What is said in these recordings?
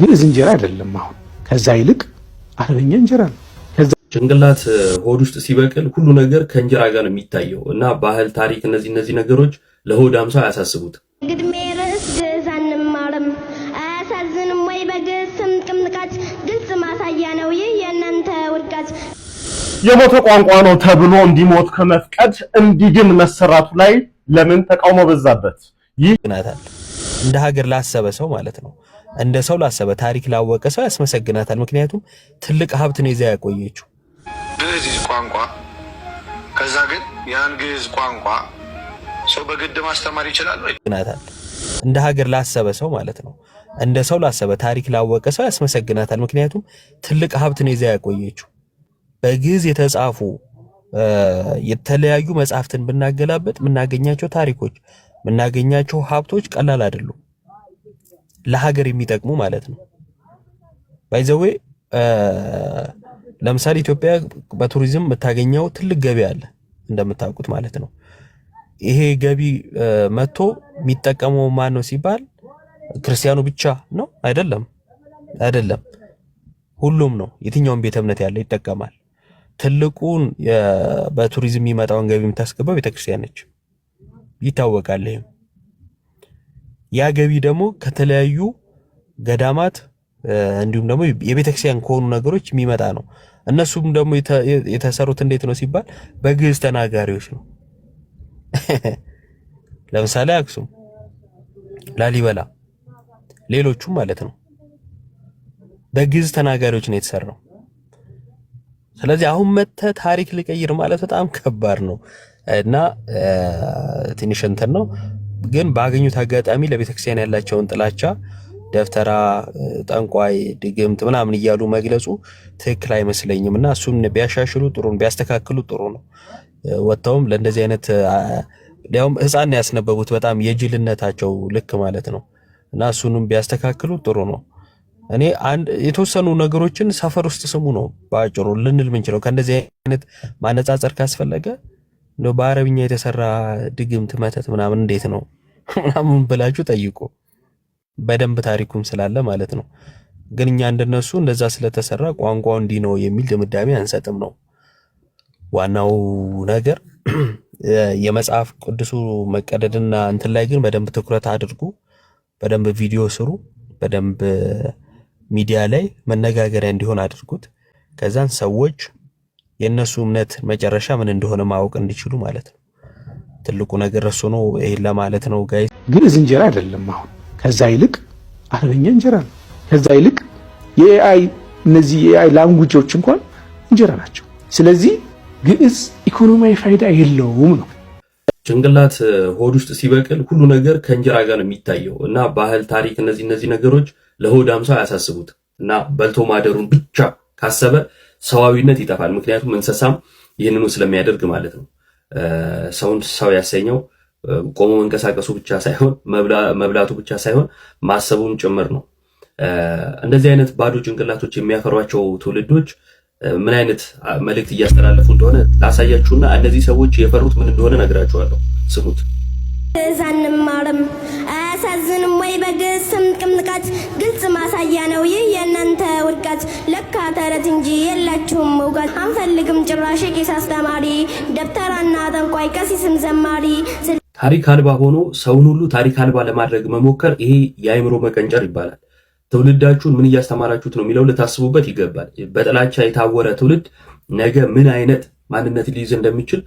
ግዕዝ እንጀራ አይደለም። አሁን ከዛ ይልቅ አረበኛ እንጀራ ነው። ጭንቅላት ሆድ ውስጥ ሲበቅል ሁሉ ነገር ከእንጀራ ጋር ነው የሚታየው እና ባህል፣ ታሪክ፣ እነዚህ እነዚህ ነገሮች ለሆድ አምሳ አያሳስቡት። ግድሜ ርዕስ ግዕዝ አንማርም አያሳዝንም ወይ? በግዕዝ ስም ግልጽ ማሳያ ነው ይህ የእናንተ ውድቀት። የሞተ ቋንቋ ነው ተብሎ እንዲሞት ከመፍቀድ እንዲግን መሰራቱ ላይ ለምን ተቃውሞ በዛበት? ይህ እንደ ሀገር ላሰበ ሰው ማለት ነው እንደ ሰው ላሰበ ታሪክ ላወቀ ሰው ያስመሰግናታል። ምክንያቱም ትልቅ ሀብት ነው ይዛ ያቆየችው ግዕዝ ቋንቋ። ከዛ ግን ያን ግዕዝ ቋንቋ ሰው በግድ ማስተማር ይችላል ወይ? እንደ ሀገር ላሰበ ሰው ማለት ነው። እንደ ሰው ላሰበ ታሪክ ላወቀ ሰው ያስመሰግናታል። ምክንያቱም ትልቅ ሀብት ነው ይዛ ያቆየችው። በግዕዝ የተጻፉ የተለያዩ መጽሐፍትን ብናገላበጥ የምናገኛቸው ታሪኮች የምናገኛቸው ሀብቶች ቀላል አይደሉም። ለሀገር የሚጠቅሙ ማለት ነው። ባይዘዌ ለምሳሌ ኢትዮጵያ በቱሪዝም የምታገኘው ትልቅ ገቢ አለ እንደምታውቁት ማለት ነው። ይሄ ገቢ መጥቶ የሚጠቀመው ማን ነው ሲባል ክርስቲያኑ ብቻ ነው? አይደለም፣ አይደለም። ሁሉም ነው። የትኛውን ቤተ እምነት ያለ ይጠቀማል። ትልቁን በቱሪዝም የሚመጣውን ገቢ የምታስገባው ቤተክርስቲያን ነች። ይታወቃል ይህም ያ ገቢ ደግሞ ከተለያዩ ገዳማት እንዲሁም ደግሞ የቤተክርስቲያን ከሆኑ ነገሮች የሚመጣ ነው። እነሱም ደግሞ የተሰሩት እንዴት ነው ሲባል በግዕዝ ተናጋሪዎች ነው። ለምሳሌ አክሱም፣ ላሊበላ፣ ሌሎቹም ማለት ነው በግዕዝ ተናጋሪዎች ነው የተሰራው። ስለዚህ አሁን መጥተህ ታሪክ ልቀይር ማለት በጣም ከባድ ነው እና ትንሽ እንትን ነው። ግን ባገኙት አጋጣሚ ለቤተክርስቲያን ያላቸውን ጥላቻ ደብተራ፣ ጠንቋይ፣ ድግምት ምናምን እያሉ መግለጹ ትክክል አይመስለኝም እና እሱን ቢያሻሽሉ ጥሩ ነው፣ ቢያስተካክሉ ጥሩ ነው። ወጥተውም ለእንደዚህ አይነት እንዲያውም ህፃን ያስነበቡት በጣም የጅልነታቸው ልክ ማለት ነው እና እሱንም ቢያስተካክሉ ጥሩ ነው። እኔ የተወሰኑ ነገሮችን ሰፈር ውስጥ ስሙ ነው በአጭሩ ልንል ምንችለው። ከእንደዚህ አይነት ማነጻጸር ካስፈለገ እንደው በአረብኛ የተሰራ ድግምት መተት ምናምን እንዴት ነው ምናምን ብላችሁ ጠይቁ። በደንብ ታሪኩም ስላለ ማለት ነው። ግን እኛ እንደነሱ እንደዛ ስለተሰራ ቋንቋው እንዲህ ነው የሚል ድምዳሜ አንሰጥም ነው ዋናው ነገር። የመጽሐፍ ቅዱሱ መቀደድና እንትን ላይ ግን በደንብ ትኩረት አድርጉ። በደንብ ቪዲዮ ስሩ። በደንብ ሚዲያ ላይ መነጋገሪያ እንዲሆን አድርጉት። ከዛን ሰዎች የእነሱ እምነት መጨረሻ ምን እንደሆነ ማወቅ እንዲችሉ ማለት ነው። ትልቁ ነገር እሱ ነው። ይሄን ለማለት ነው። ጋይ ግዕዝ እንጀራ አይደለም። አሁን ከዛ ይልቅ አረበኛ እንጀራ ነው። ከዛ ይልቅ የኤአይ እነዚህ የኤአይ ላንጉጆች እንኳን እንጀራ ናቸው። ስለዚህ ግዕዝ ኢኮኖሚያዊ ፋይዳ የለውም ነው። ጭንቅላት ሆድ ውስጥ ሲበቅል ሁሉ ነገር ከእንጀራ ጋር ነው የሚታየው እና ባህል፣ ታሪክ፣ እነዚህ እነዚህ ነገሮች ለሆዳም ሰው አያሳስቡት እና በልቶ ማደሩን ብቻ ካሰበ ሰዋዊነት ይጠፋል። ምክንያቱም እንስሳም ይህንኑ ስለሚያደርግ ማለት ነው። ሰውን ሰው ያሰኘው ቆሞ መንቀሳቀሱ ብቻ ሳይሆን መብላቱ ብቻ ሳይሆን ማሰቡም ጭምር ነው። እንደዚህ አይነት ባዶ ጭንቅላቶች የሚያፈሯቸው ትውልዶች ምን አይነት መልእክት እያስተላለፉ እንደሆነ ላሳያችሁና እነዚህ ሰዎች የፈሩት ምን እንደሆነ ነግራችኋለሁ። ስሙት። ግዕዝ አንማርም። አያሳዝንም ወይ? በግዕዝ ስምቅም ንቃት ግልጽ ማሳያ ነው ይህ የእናንተ ውድቀት። ለካ ተረት እንጂ የላችሁም እውቀት። አንፈልግም ጭራሽ ቄስ አስተማሪ፣ ደብተራና ጠንቋይ፣ ቀሲስም ዘማሪ ታሪክ አልባ ሆኖ ሰውን ሁሉ ታሪክ አልባ ለማድረግ መሞከር ይሄ የአይምሮ መቀንጨር ይባላል። ትውልዳችሁን ምን እያስተማራችሁት ነው የሚለው ልታስቡበት ይገባል። በጥላቻ የታወረ ትውልድ ነገ ምን አይነት ማንነት ሊይዝ እንደሚችል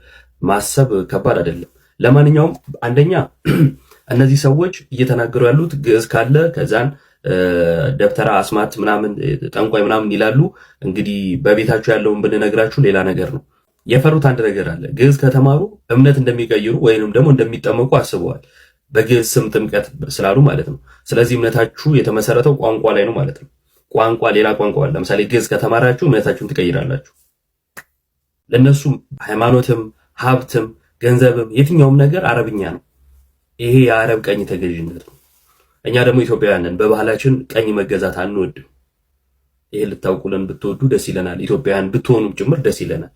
ማሰብ ከባድ አይደለም። ለማንኛውም አንደኛ እነዚህ ሰዎች እየተናገሩ ያሉት ግዕዝ ካለ ከዛን ደብተራ አስማት ምናምን ጠንቋይ ምናምን ይላሉ። እንግዲህ በቤታችሁ ያለውን ብንነግራችሁ ሌላ ነገር ነው። የፈሩት አንድ ነገር አለ። ግዕዝ ከተማሩ እምነት እንደሚቀይሩ ወይንም ደግሞ እንደሚጠመቁ አስበዋል። በግዕዝ ስም ጥምቀት ስላሉ ማለት ነው። ስለዚህ እምነታችሁ የተመሰረተው ቋንቋ ላይ ነው ማለት ነው። ቋንቋ ሌላ ቋንቋ አለ። ለምሳሌ ግዕዝ ከተማራችሁ እምነታችሁን ትቀይራላችሁ። ለእነሱም ሃይማኖትም ሀብትም ገንዘብም፣ የትኛውም ነገር አረብኛ ነው። ይሄ የአረብ ቀኝ ተገዥነት ነው። እኛ ደግሞ ኢትዮጵያውያንን በባህላችን ቀኝ መገዛት አንወድም። ይሄ ልታውቁልን ብትወዱ ደስ ይለናል። ኢትዮጵያውያን ብትሆኑም ጭምር ደስ ይለናል።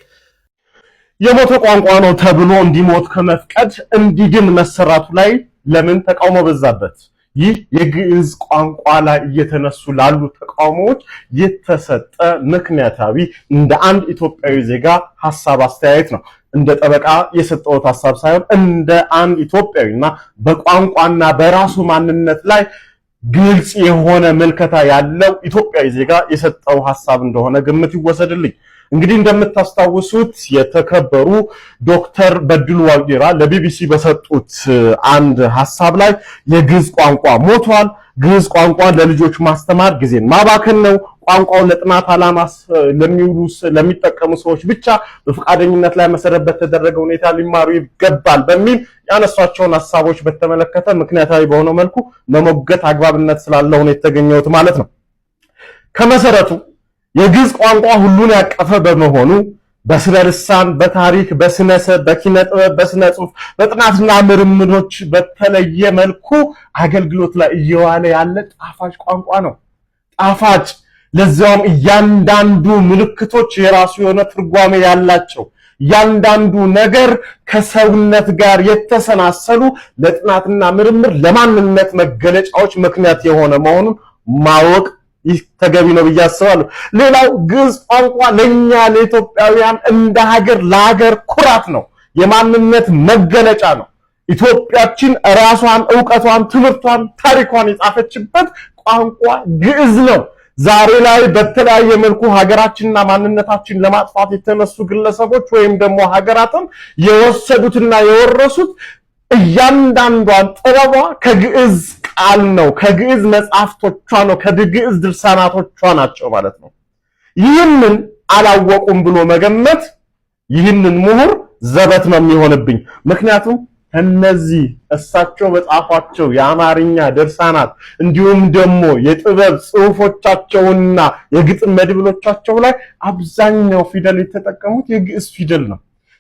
የሞተ ቋንቋ ነው ተብሎ እንዲሞት ከመፍቀድ እንዲግን መሰራቱ ላይ ለምን ተቃውሞ በዛበት? ይህ የግዕዝ ቋንቋ ላይ እየተነሱ ላሉ ተቃውሞዎች የተሰጠ ምክንያታዊ እንደ አንድ ኢትዮጵያዊ ዜጋ ሀሳብ አስተያየት ነው። እንደ ጠበቃ የሰጠሁት ሀሳብ ሳይሆን እንደ አንድ ኢትዮጵያዊና በቋንቋና በራሱ ማንነት ላይ ግልጽ የሆነ ምልከታ ያለው ኢትዮጵያዊ ዜጋ የሰጠው ሀሳብ እንደሆነ ግምት ይወሰድልኝ። እንግዲህ እንደምታስታውሱት የተከበሩ ዶክተር በድሉ ዋቅጅራ ለቢቢሲ በሰጡት አንድ ሀሳብ ላይ የግዕዝ ቋንቋ ሞቷል ግዕዝ ቋንቋ ለልጆች ማስተማር ጊዜን ማባከን ነው። ቋንቋውን ለጥናት ዓላማ ለሚውሉ ለሚጠቀሙ ሰዎች ብቻ በፈቃደኝነት ላይ መሰረት በተደረገ ሁኔታ ሊማሩ ይገባል በሚል ያነሷቸውን ሀሳቦች በተመለከተ ምክንያታዊ በሆነ መልኩ መሞገት አግባብነት ስላለው ነው የተገኘሁት ማለት ነው። ከመሰረቱ የግዕዝ ቋንቋ ሁሉን ያቀፈ በመሆኑ በስነ ልሳን፣ በታሪክ፣ በስነሰ፣ በኪነ ጥበብ፣ በስነ ጽሁፍ፣ በጥናትና ምርምሮች በተለየ መልኩ አገልግሎት ላይ እየዋለ ያለ ጣፋጭ ቋንቋ ነው። ጣፋጭ ለዚያውም እያንዳንዱ ምልክቶች የራሱ የሆነ ትርጓሜ ያላቸው እያንዳንዱ ነገር ከሰውነት ጋር የተሰናሰሉ ለጥናትና ምርምር ለማንነት መገለጫዎች ምክንያት የሆነ መሆኑን ማወቅ ይህ ተገቢ ነው ብዬ አስባለሁ። ሌላው ግዕዝ ቋንቋ ለኛ ለኢትዮጵያውያን እንደ ሀገር ለሀገር ኩራት ነው፣ የማንነት መገለጫ ነው። ኢትዮጵያችን ራሷን፣ እውቀቷን፣ ትምህርቷን፣ ታሪኳን የጻፈችበት ቋንቋ ግዕዝ ነው። ዛሬ ላይ በተለያየ መልኩ ሀገራችንና ማንነታችን ለማጥፋት የተነሱ ግለሰቦች ወይም ደግሞ ሀገራትም የወሰዱትና የወረሱት እያንዳንዷን ጥበቧ ከግዕዝ ቃል ነው፣ ከግዕዝ መጽሐፍቶቿ ነው፣ ከግዕዝ ድርሳናቶቿ ናቸው ማለት ነው። ይህንን አላወቁም ብሎ መገመት ይህንን ምሁር ዘበት ነው የሚሆንብኝ። ምክንያቱም እነዚህ እሳቸው በጻፏቸው የአማርኛ ድርሳናት እንዲሁም ደግሞ የጥበብ ጽሑፎቻቸውና የግጥም መድብሎቻቸው ላይ አብዛኛው ፊደል የተጠቀሙት የግዕዝ ፊደል ነው።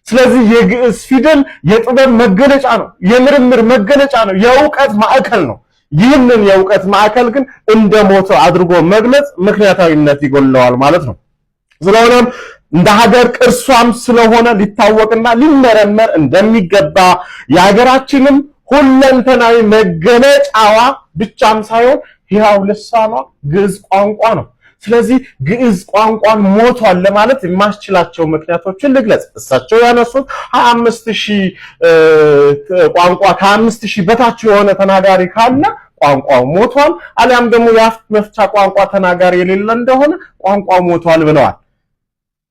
ስለዚህ የግዕዝ ፊደል የጥበብ መገለጫ ነው፣ የምርምር መገለጫ ነው፣ የእውቀት ማዕከል ነው። ይህንን የእውቀት ማዕከል ግን እንደ ሞተ አድርጎ መግለጽ ምክንያታዊነት ይጎለዋል ማለት ነው። ስለሆነም እንደ ሀገር ቅርሷም ስለሆነ ሊታወቅና ሊመረመር እንደሚገባ የሀገራችንም ሁለንተናዊ መገለጫዋ ብቻም ሳይሆን ሕያው ልሳኗ ግዕዝ ቋንቋ ነው። ስለዚህ ግዕዝ ቋንቋን ሞቷል ለማለት የማስችላቸው ምክንያቶችን ልግለጽ። እሳቸው ያነሱት አምስት ሺህ ቋንቋ ከአምስት ሺህ በታች የሆነ ተናጋሪ ካለ ቋንቋው ሞቷል፣ አሊያም ደግሞ የአፍ መፍቻ ቋንቋ ተናጋሪ የሌለ እንደሆነ ቋንቋው ሞቷል ብለዋል።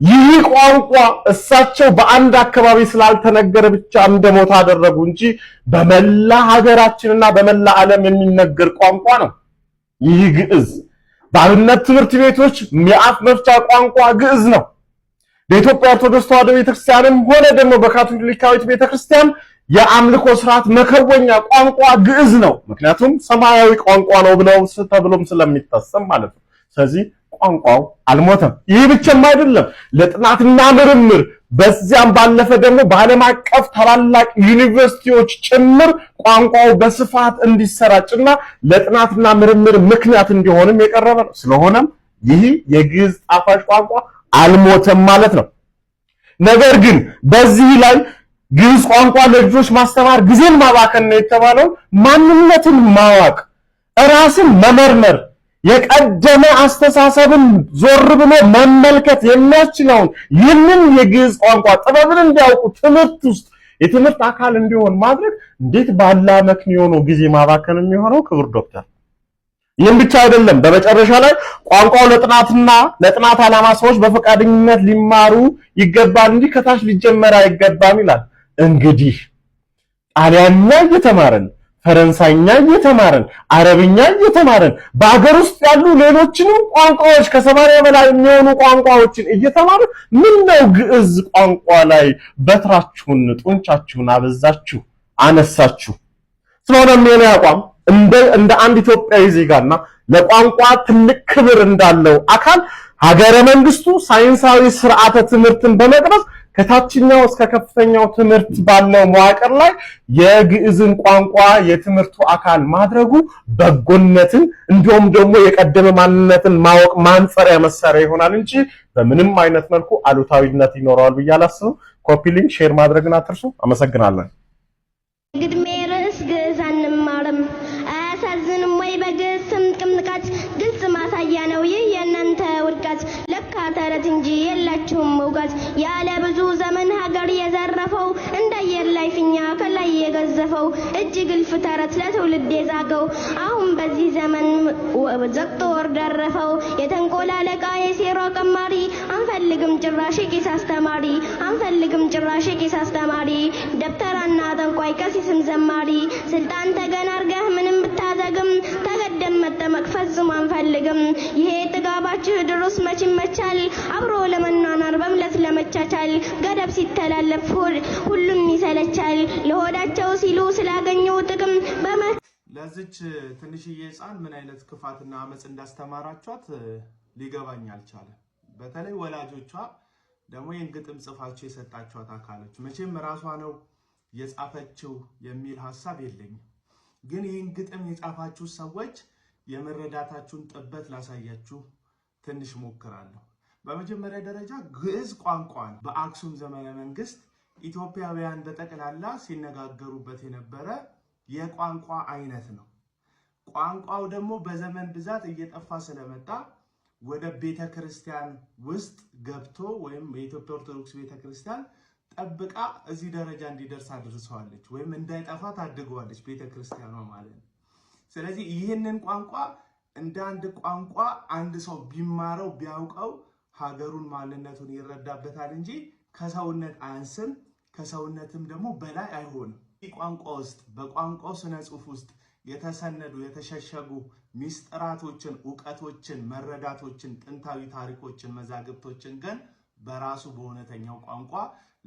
ይህ ቋንቋ እሳቸው በአንድ አካባቢ ስላልተነገረ ብቻ እንደሞታ አደረጉ እንጂ በመላ ሀገራችንና በመላ ዓለም የሚነገር ቋንቋ ነው ይህ ግዕዝ። በአብነት ትምህርት ቤቶች የአፍ መፍቻ ቋንቋ ግዕዝ ነው። በኢትዮጵያ ኦርቶዶክስ ተዋህዶ ቤተክርስቲያንም ሆነ ደግሞ በካቶሊካዊት ቤተክርስቲያን የአምልኮ ስርዓት መከወኛ ቋንቋ ግዕዝ ነው። ምክንያቱም ሰማያዊ ቋንቋ ነው ብለው ተብሎም ስለሚታሰብ ማለት ነው። ስለዚህ ቋንቋው አልሞተም። ይህ ብቻም አይደለም፣ ለጥናትና ምርምር በዚያም ባለፈ ደግሞ በዓለም አቀፍ ታላላቅ ዩኒቨርሲቲዎች ጭምር ቋንቋው በስፋት እንዲሰራጭና ለጥናትና ምርምር ምክንያት እንዲሆንም የቀረበ ነው። ስለሆነም ይህ የግዕዝ ጣፋጭ ቋንቋ አልሞተም ማለት ነው። ነገር ግን በዚህ ላይ ግዕዝ ቋንቋ ለልጆች ማስተማር ጊዜን ማባከን ነው የተባለው ማንነትን ማወቅ፣ ራስን መመርመር የቀደመ አስተሳሰብን ዞር ብሎ መመልከት የሚያስችለውን ይህንን የግዕዝ ቋንቋ ጥበብን እንዲያውቁ ትምህርት ውስጥ የትምህርት አካል እንዲሆን ማድረግ እንዴት ባላ መክንዮ ጊዜ ማባከን የሚሆነው? ክቡር ዶክተር፣ ይህም ብቻ አይደለም። በመጨረሻ ላይ ቋንቋው ለጥናትና ለጥናት ዓላማ ሰዎች በፈቃደኝነት ሊማሩ ይገባል እንጂ ከታች ሊጀመር አይገባም ይላል። እንግዲህ ጣሊያን ላይ እየተማረን ፈረንሳይኛ እየተማረን አረብኛ እየተማረን በአገር ውስጥ ያሉ ሌሎችንም ቋንቋዎች ከሰማንያ በላይ የሚሆኑ ቋንቋዎችን እየተማረን ምን ነው ግዕዝ ቋንቋ ላይ በትራችሁን ጡንቻችሁን አበዛችሁ አነሳችሁ። ስለሆነም የኔ አቋም እንደ አንድ ኢትዮጵያዊ ዜጋና ለቋንቋ ትልቅ ክብር እንዳለው አካል ሀገረ መንግስቱ ሳይንሳዊ ስርዓተ ትምህርትን በመቅረጽ ከታችኛው እስከ ከፍተኛው ትምህርት ባለው መዋቅር ላይ የግዕዝን ቋንቋ የትምህርቱ አካል ማድረጉ በጎነትን እንዲሁም ደግሞ የቀደመ ማንነትን ማወቅ ማንጸሪያ መሳሪያ ይሆናል እንጂ በምንም አይነት መልኩ አሉታዊነት ይኖረዋል ብዬ አላስብም። ኮፒ ሊንክ ሼር ማድረግን አትርሱ። አመሰግናለን። እንጂ የላቸውም እውቀት ያለ ብዙ ዘመን ሀገር የዘረፈው እንደ አየር ላይ ፊኛ ከላይ የገዘፈው እጅ ግልፍ ተረት ለትውልድ የዛገው አሁን በዚህ ዘመን ዘቅጦ ወር ደረፈው የተንቆላለቃ የሴራ ቀማሪ አንፈልግም ጭራሽ ቄስ አስተማሪ አንፈልግም ጭራሽ ቄስ አስተማሪ ደብተራና ጠንቋይ ቀሲስም ዘማሪ ስልጣን ተገናርገህ ምንም ብታዘግም መጠመቅ ፈጽሞ አንፈልግም። ይሄ ጥጋባችሁ ድሩስ መች ይመቻል? አብሮ ለመኗኗር በምለት ለመቻቻል ገደብ ሲተላለፍ ሁሉም ይሰለቻል። ለሆዳቸው ሲሉ ስላገኘው ጥቅም በመ ለዚች ትንሽዬ ህፃን ምን አይነት ክፋትና አመፅ እንዳስተማራቿት ሊገባኝ አልቻለም። በተለይ ወላጆቿ ደግሞ ይህን ግጥም ጽፋችሁ የሰጣችኋት አካሎች መቼም ራሷ ነው የጻፈችው የሚል ሀሳብ የለኝም። ግን ይህን ግጥም የጻፋችሁ ሰዎች የመረዳታችሁን ጥበት ላሳያችሁ ትንሽ ሞክራለሁ። በመጀመሪያ ደረጃ ግዕዝ ቋንቋን በአክሱም ዘመነ መንግስት ኢትዮጵያውያን በጠቅላላ ሲነጋገሩበት የነበረ የቋንቋ አይነት ነው። ቋንቋው ደግሞ በዘመን ብዛት እየጠፋ ስለመጣ ወደ ቤተ ክርስቲያን ውስጥ ገብቶ ወይም የኢትዮጵያ ኦርቶዶክስ ቤተ ክርስቲያን ጠብቃ እዚህ ደረጃ እንዲደርስ አድርሰዋለች፣ ወይም እንዳይጠፋ ታድገዋለች ቤተ ክርስቲያኗ ማለት ነው። ስለዚህ ይህንን ቋንቋ እንደ አንድ ቋንቋ አንድ ሰው ቢማረው ቢያውቀው ሀገሩን ማንነቱን ይረዳበታል እንጂ ከሰውነት አያንስም፣ ከሰውነትም ደግሞ በላይ አይሆንም። ቋንቋ ውስጥ በቋንቋው ስነ ጽሁፍ ውስጥ የተሰነዱ የተሸሸጉ ሚስጥራቶችን፣ እውቀቶችን፣ መረዳቶችን፣ ጥንታዊ ታሪኮችን፣ መዛግብቶችን ግን በራሱ በእውነተኛው ቋንቋ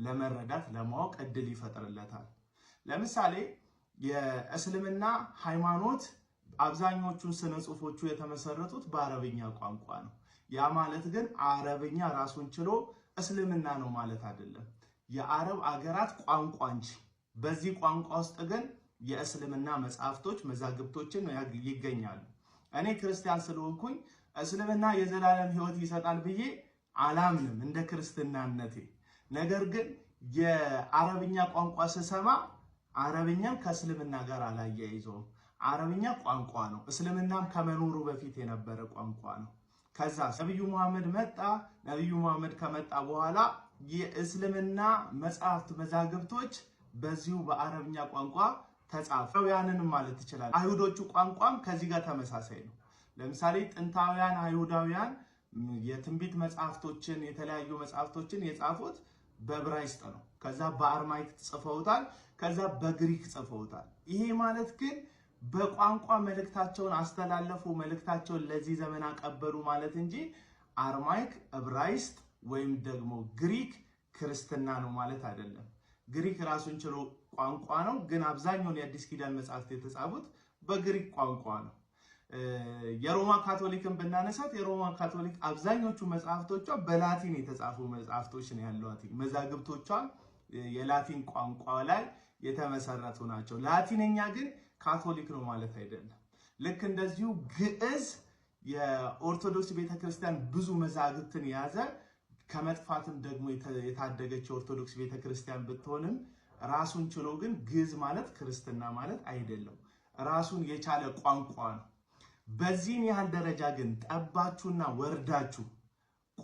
ለመረዳት ለማወቅ እድል ይፈጥርለታል። ለምሳሌ የእስልምና ሃይማኖት አብዛኞቹን ስነ ጽሁፎቹ የተመሰረቱት በአረብኛ ቋንቋ ነው። ያ ማለት ግን አረብኛ ራሱን ችሎ እስልምና ነው ማለት አይደለም። የአረብ አገራት ቋንቋ እንጂ በዚህ ቋንቋ ውስጥ ግን የእስልምና መጽሐፍቶች መዛግብቶችን ይገኛሉ። እኔ ክርስቲያን ስለሆንኩኝ እስልምና የዘላለም ሕይወት ይሰጣል ብዬ አላምንም እንደ ክርስትናነቴ። ነገር ግን የአረብኛ ቋንቋ ስሰማ አረብኛን ከእስልምና ጋር አላያይዘውም። አረብኛ ቋንቋ ነው። እስልምናም ከመኖሩ በፊት የነበረ ቋንቋ ነው። ከዛ ነቢዩ መሐመድ መጣ። ነቢዩ መሐመድ ከመጣ በኋላ የእስልምና መጽሐፍት መዛግብቶች በዚሁ በአረብኛ ቋንቋ ተጻፈውያንንም ማለት ይችላል። አይሁዶቹ ቋንቋም ከዚህ ጋር ተመሳሳይ ነው። ለምሳሌ ጥንታውያን አይሁዳውያን የትንቢት መጽሐፍቶችን የተለያዩ መጽሐፍቶችን የጻፉት በዕብራይስጥ ነው። ከዛ በአርማይክ ጽፈውታል። ከዛ በግሪክ ጽፈውታል። ይሄ ማለት ግን በቋንቋ መልእክታቸውን አስተላለፉ፣ መልእክታቸውን ለዚህ ዘመን አቀበሉ ማለት እንጂ አርማይክ፣ ዕብራይስጥ ወይም ደግሞ ግሪክ ክርስትና ነው ማለት አይደለም። ግሪክ ራሱን ችሎ ቋንቋ ነው። ግን አብዛኛውን የአዲስ ኪዳን መጽሐፍት የተጻፉት በግሪክ ቋንቋ ነው። የሮማ ካቶሊክን ብናነሳት የሮማ ካቶሊክ አብዛኞቹ መጽሐፍቶቿ በላቲን የተጻፉ መጽሐፍቶች ነው ያሏት። መዛግብቶቿ የላቲን ቋንቋ ላይ የተመሰረቱ ናቸው። ላቲንኛ ግን ካቶሊክ ነው ማለት አይደለም። ልክ እንደዚሁ ግዕዝ የኦርቶዶክስ ቤተክርስቲያን ብዙ መዛግብትን የያዘ ከመጥፋትም ደግሞ የታደገች የኦርቶዶክስ ቤተክርስቲያን ብትሆንም ራሱን ችሎ ግን ግዕዝ ማለት ክርስትና ማለት አይደለም። ራሱን የቻለ ቋንቋ ነው። በዚህን ያህል ደረጃ ግን ጠባችሁና ወርዳችሁ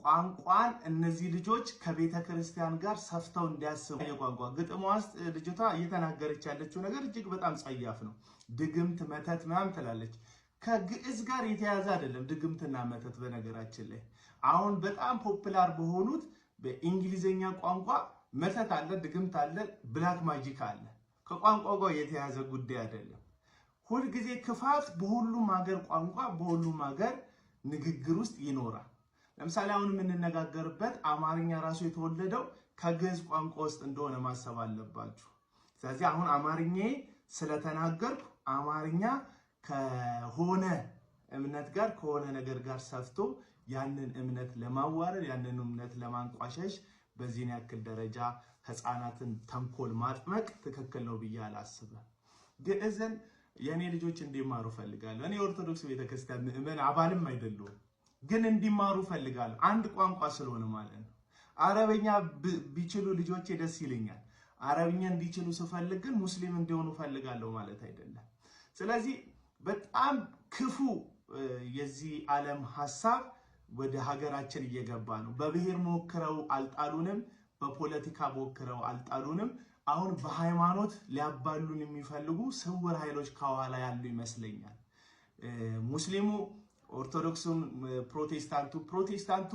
ቋንቋን እነዚህ ልጆች ከቤተ ክርስቲያን ጋር ሰፍተው እንዲያስቡ የቋንቋ ግጥሟ ውስጥ ልጅቷ እየተናገረች ያለችው ነገር እጅግ በጣም ጸያፍ ነው። ድግምት መተት ምናምን ትላለች። ከግዕዝ ጋር የተያዘ አይደለም ድግምትና መተት። በነገራችን ላይ አሁን በጣም ፖፕላር በሆኑት በእንግሊዝኛ ቋንቋ መተት አለ፣ ድግምት አለ፣ ብላክ ማጂክ አለ። ከቋንቋ ጋር የተያዘ ጉዳይ አይደለም። ሁልጊዜ ክፋት በሁሉም ሀገር ቋንቋ በሁሉም ሀገር ንግግር ውስጥ ይኖራል። ለምሳሌ አሁን የምንነጋገርበት አማርኛ ራሱ የተወለደው ከግዕዝ ቋንቋ ውስጥ እንደሆነ ማሰብ አለባችሁ። ስለዚህ አሁን አማርኛ ስለተናገርኩ አማርኛ ከሆነ እምነት ጋር ከሆነ ነገር ጋር ሰፍቶ ያንን እምነት ለማዋረድ ያንን እምነት ለማንቋሸሽ በዚህን ያክል ደረጃ ህፃናትን ተንኮል ማጥመቅ ትክክል ነው ብዬ አላስብም። ግዕዝን የእኔ ልጆች እንዲማሩ ፈልጋለሁ። እኔ ኦርቶዶክስ ቤተክርስቲያን ምዕመን አባልም አይደለሁም፣ ግን እንዲማሩ ፈልጋለሁ። አንድ ቋንቋ ስለሆነ ማለት ነው። አረበኛ ቢችሉ ልጆቼ ደስ ይለኛል። አረብኛ እንዲችሉ ስፈልግ ግን ሙስሊም እንዲሆኑ ፈልጋለሁ ማለት አይደለም። ስለዚህ በጣም ክፉ የዚህ ዓለም ሀሳብ ወደ ሀገራችን እየገባ ነው። በብሔር ሞክረው አልጣሉንም። በፖለቲካ ሞክረው አልጣሉንም። አሁን በሃይማኖት ሊያባሉን የሚፈልጉ ስውር ኃይሎች ከኋላ ያሉ ይመስለኛል። ሙስሊሙ ኦርቶዶክሱን፣ ፕሮቴስታንቱ ፕሮቴስታንቱ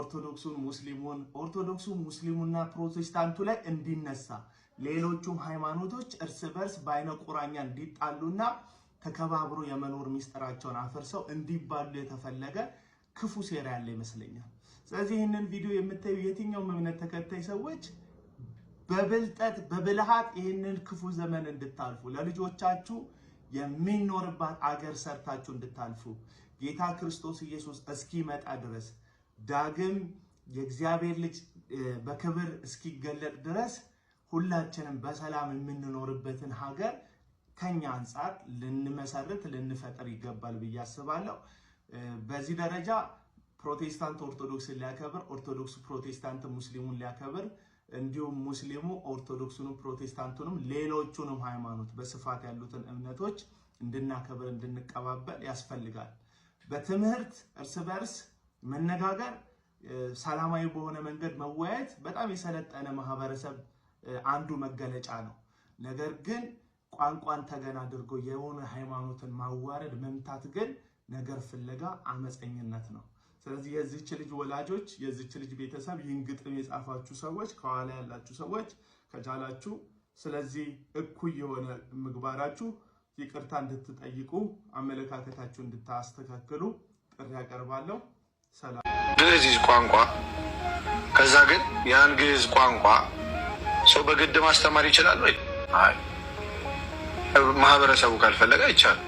ኦርቶዶክሱን፣ ሙስሊሙን ኦርቶዶክሱ ሙስሊሙና ፕሮቴስታንቱ ላይ እንዲነሳ ሌሎቹም ሃይማኖቶች እርስ በርስ በአይነ ቁራኛ እንዲጣሉና ተከባብሮ የመኖር ሚስጥራቸውን አፈርሰው እንዲባሉ የተፈለገ ክፉ ሴራ ያለ ይመስለኛል። ስለዚህ ይህንን ቪዲዮ የምታዩ የትኛውም እምነት ተከታይ ሰዎች በብልጠት በብልሃት ይህንን ክፉ ዘመን እንድታልፉ ለልጆቻችሁ የሚኖርባት አገር ሰርታችሁ እንድታልፉ ጌታ ክርስቶስ ኢየሱስ እስኪመጣ ድረስ ዳግም የእግዚአብሔር ልጅ በክብር እስኪገለጥ ድረስ ሁላችንም በሰላም የምንኖርበትን ሀገር ከኛ አንጻር ልንመሰርት ልንፈጥር ይገባል ብዬ አስባለሁ። በዚህ ደረጃ ፕሮቴስታንት ኦርቶዶክስን ሊያከብር፣ ኦርቶዶክስ ፕሮቴስታንት ሙስሊሙን ሊያከብር እንዲሁም ሙስሊሙ ኦርቶዶክሱንም ፕሮቴስታንቱንም ሌሎቹንም ሃይማኖት በስፋት ያሉትን እምነቶች እንድናከብር እንድንቀባበል ያስፈልጋል። በትምህርት እርስ በርስ መነጋገር፣ ሰላማዊ በሆነ መንገድ መወያየት በጣም የሰለጠነ ማህበረሰብ አንዱ መገለጫ ነው። ነገር ግን ቋንቋን ተገን አድርጎ የሆነ ሃይማኖትን ማዋረድ መምታት ግን ነገር ፍለጋ አመፀኝነት ነው። ስለዚህ የዚች ልጅ ወላጆች፣ የዚች ልጅ ቤተሰብ፣ ይህን ግጥም የጻፋችሁ ሰዎች፣ ከኋላ ያላችሁ ሰዎች ከቻላችሁ ስለዚህ እኩይ የሆነ ምግባራችሁ ይቅርታ እንድትጠይቁ አመለካከታችሁ እንድታስተካክሉ ጥሪ ያቀርባለሁ። ሰላም። ግዕዝ ቋንቋ ከዛ ግን ያን ግዕዝ ቋንቋ ሰው በግድ ማስተማር ይችላል ወይ? ማህበረሰቡ ካልፈለገ አይቻልም።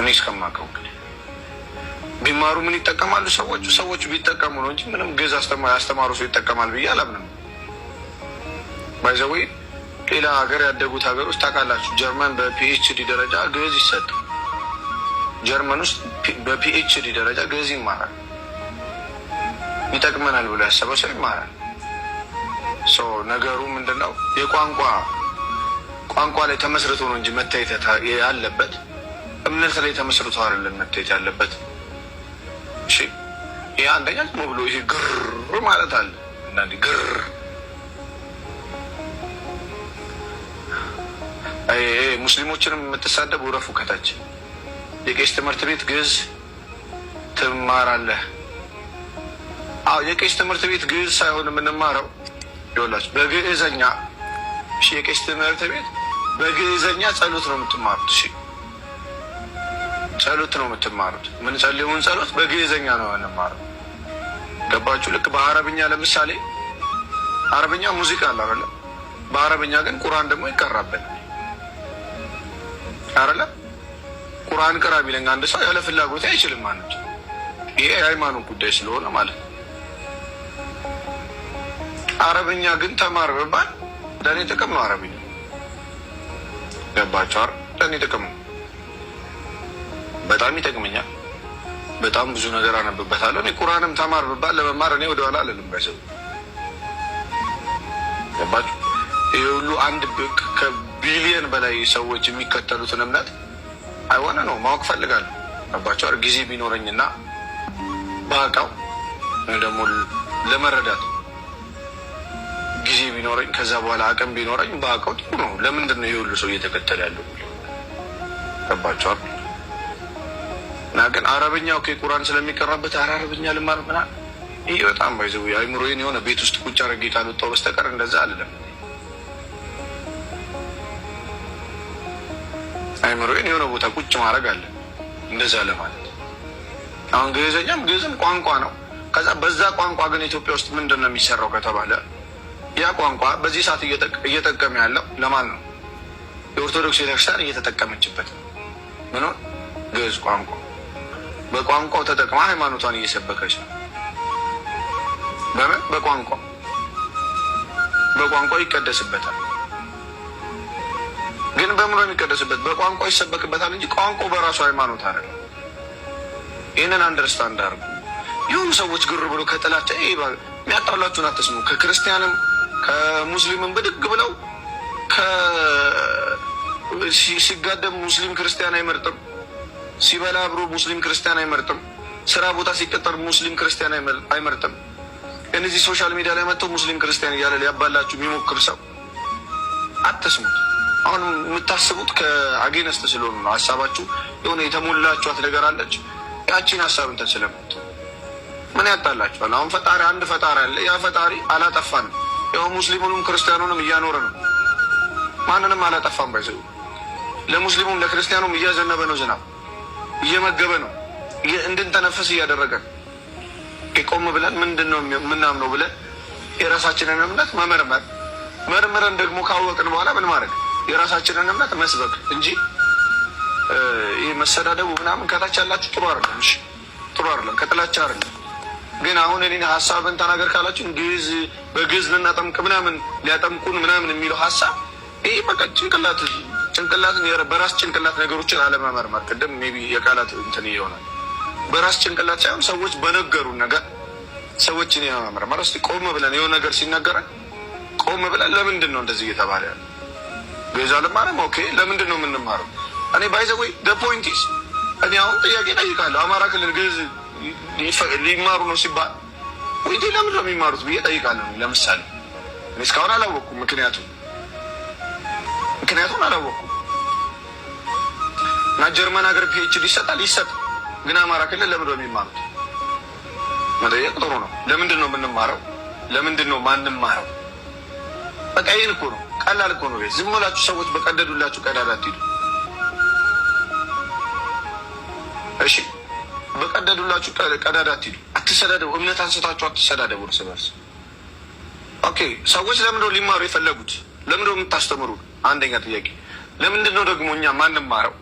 እኔ እስከማውቀው ቢማሩ ምን ይጠቀማሉ ሰዎቹ? ሰዎቹ ቢጠቀሙ ነው እንጂ ምንም ግዕዝ ያስተማሩ ሰው ይጠቀማል ብዬ አላምንም። ባይዘዌ ሌላ ሀገር ያደጉት ሀገር ውስጥ ታውቃላችሁ፣ ጀርመን በፒኤችዲ ደረጃ ግዕዝ ይሰጥ ጀርመን ውስጥ በፒኤችዲ ደረጃ ግዕዝ ይማራል። ይጠቅመናል ብሎ ያሰበው ሰው ይማራል። ነገሩ ምንድነው? የቋንቋ ቋንቋ ላይ ተመስርቶ ነው እንጂ መታየት ያለበት እምነት ላይ ተመስርቶ አይደለም መታየት ያለበት። ይህ አንደኛ ዝም ብሎ ይሄ ግር ማለት አለ እናንዴ ግር ሙስሊሞችን የምትሳደቡ ረፉ ከታች የቄስ ትምህርት ቤት ግዕዝ ትማራለህ። አዎ የቄስ ትምህርት ቤት ግዕዝ ሳይሆን የምንማረው ይኸውላችሁ በግዕዘኛ። እሺ የቄስ ትምህርት ቤት በግዕዘኛ ጸሎት ነው የምትማሩት። እሺ ጸሎት ነው የምትማሩት። ምን ጸልዩን ጸሎት በግዕዘኛ ነው የምንማረው። ገባችሁ? ልክ በአረብኛ ለምሳሌ አረብኛ ሙዚቃ አለ አይደለ? በአረብኛ ግን ቁርአን ደግሞ ይቀራበል አይደለ? ቁርአን ቅራ ቢለኝ አንድ ሰው ያለ ፍላጎት አይችልም ማለት ነው። ይሄ የሃይማኖት ጉዳይ ስለሆነ ማለት ነው። አረብኛ ግን ተማር ብባል ለእኔ ጥቅም ነው። አረብኛ ገባችሁ? ለእኔ ጥቅም ነው፣ በጣም ይጠቅመኛል። በጣም ብዙ ነገር አነብበታለሁ። እኔ ቁርአንም ተማር ብባል ለመማር እኔ ወደኋላ አልልም። ባይሰው ገባችሁ? ይህ ሁሉ አንድ ከቢሊየን በላይ ሰዎች የሚከተሉትን እምነት አይሆነ ነው ማወቅ ፈልጋለሁ። ገባችሁ? ጊዜ ቢኖረኝና በቃው ደግሞ ለመረዳት ጊዜ ቢኖረኝ ከዛ በኋላ አቅም ቢኖረኝ በቃው ጥሩ ነው። ለምንድን ነው ይህ ሰው እየተከተለ ያለው? ገባችኋል? እና ግን አረብኛ ኦኬ፣ ቁራን ስለሚቀራበት አረ አረብኛ ልማር ምና ይህ በጣም ባይዘ አይምሮዬን የሆነ ቤት ውስጥ ቁጭ አድርጌ ካልወጣሁ በስተቀር እንደዛ አለም አይምሮዬን የሆነ ቦታ ቁጭ ማድረግ አለ እንደዛ ለማለት። አሁን ግዕዝኛም ግዕዝም ቋንቋ ነው። ከዛ በዛ ቋንቋ ግን ኢትዮጵያ ውስጥ ምንድን ነው የሚሰራው ከተባለ ያ ቋንቋ በዚህ ሰዓት እየጠቀመ ያለው ለማን ነው? የኦርቶዶክስ ቤተክርስቲያን እየተጠቀመችበት ነው። ምኖ ግዕዝ ቋንቋ በቋንቋው ተጠቅማ ሃይማኖቷን እየሰበከች ነው። በምን በቋንቋ በቋንቋ ይቀደስበታል። ግን በምን የሚቀደስበት በቋንቋ ይሰበክበታል እንጂ ቋንቋ በራሱ ሃይማኖት አይደለም። ይህንን አንደርስታንድ አድርጉ። የሆኑ ሰዎች ግር ብሎ ከጥላቻ የሚያጣላችሁን አትስሙ። ከክርስቲያንም ከሙስሊምም ብድግ ብለው ሲጋደም ሙስሊም ክርስቲያን አይመርጥም ሲበላ አብሮ ሙስሊም ክርስቲያን አይመርጥም። ስራ ቦታ ሲቀጠር ሙስሊም ክርስቲያን አይመርጥም። እነዚህ ሶሻል ሚዲያ ላይ መጥተው ሙስሊም ክርስቲያን እያለ ሊያባላችሁ የሚሞክር ሰው አትስሙት። አሁን የምታስቡት ከአጌነስት ስለሆኑ ነው። ሀሳባችሁ የሆነ የተሞላችኋት ነገር አለች። ያቺን ሀሳብ እንትን ስለምት ምን ያጣላችኋል? አሁን ፈጣሪ አንድ ፈጣሪ አለ። ያ ፈጣሪ አላጠፋን፣ ያው ሙስሊሙንም ክርስቲያኑንም እያኖረ ነው። ማንንም አላጠፋም። ባይዘ ለሙስሊሙም ለክርስቲያኑም እያዘነበ ነው ዝናብ እየመገበ ነው እንድንተነፍስ እያደረገ ቆም ብለን ምንድን ነው የምናምነው ብለን የራሳችንን እምነት መመርመር መርምረን ደግሞ ካወቅን በኋላ ምን ማድረግ የራሳችንን እምነት መስበክ እንጂ ይህ መሰዳደቡ ምናምን ከታች ያላችሁ ጥሩ አይደለም። እሺ ጥሩ አይደለም፣ ከጥላቻ አይደለም። ግን አሁን እኔ ሀሳብን ተናገር ካላችሁ ግዕዝ በግዕዝ ልናጠምቅ ምናምን ሊያጠምቁን ምናምን የሚለው ሀሳብ ይህ በቃ ጭንቅላት ጭንቅላትን በራስ ጭንቅላት ነገሮችን አለመመርመር፣ ቅድም ቢ የቃላት እንትን ይሆናል። በራስ ጭንቅላት ሳይሆን ሰዎች በነገሩ ነገር ሰዎችን የመመርመር ስ ቆም ብለን የሆነ ነገር ሲነገረን ቆም ብለን ለምንድን ነው እንደዚህ እየተባለ ያለ ቤዛ ልማረም ኦኬ፣ ለምንድን ነው የምንማረው? እኔ ባይዘወይ ደፖይንቲስ እኔ አሁን ጥያቄ ጠይቃለሁ። አማራ ክልል ግዕዝ ሊማሩ ነው ሲባል ወይቴ ለምን ነው የሚማሩት ብዬ ጠይቃለሁ። ለምሳሌ እኔ እስካሁን አላወቅኩም፣ ምክንያቱም ምክንያቱም አላወቅኩም። እና ጀርመን ሀገር ፒኤችዲ ይሰጣል ይሰጥ፣ ግን አማራ ክልል ለምን ነው የሚማሩት? መጠየቅ ጥሩ ነው። ለምንድን ነው የምንማረው? ለምንድን ነው ማንማረው? በቃ ይህን እኮ ነው። ቀላል እኮ ነው። ዝም ብላችሁ ሰዎች በቀደዱላችሁ ቀዳዳ አትሄዱ። እሺ በቀደዱላችሁ ቀዳዳ አትሄዱ። አትሰዳደቡ። እምነት አንስታችሁ አትሰዳደቡ እርስ በርስ። ኦኬ ሰዎች ለምንድነው ሊማሩ የፈለጉት? ለምንድነው የምታስተምሩ? አንደኛ ጥያቄ። ለምንድን ነው ደግሞ እኛ ማንማረው?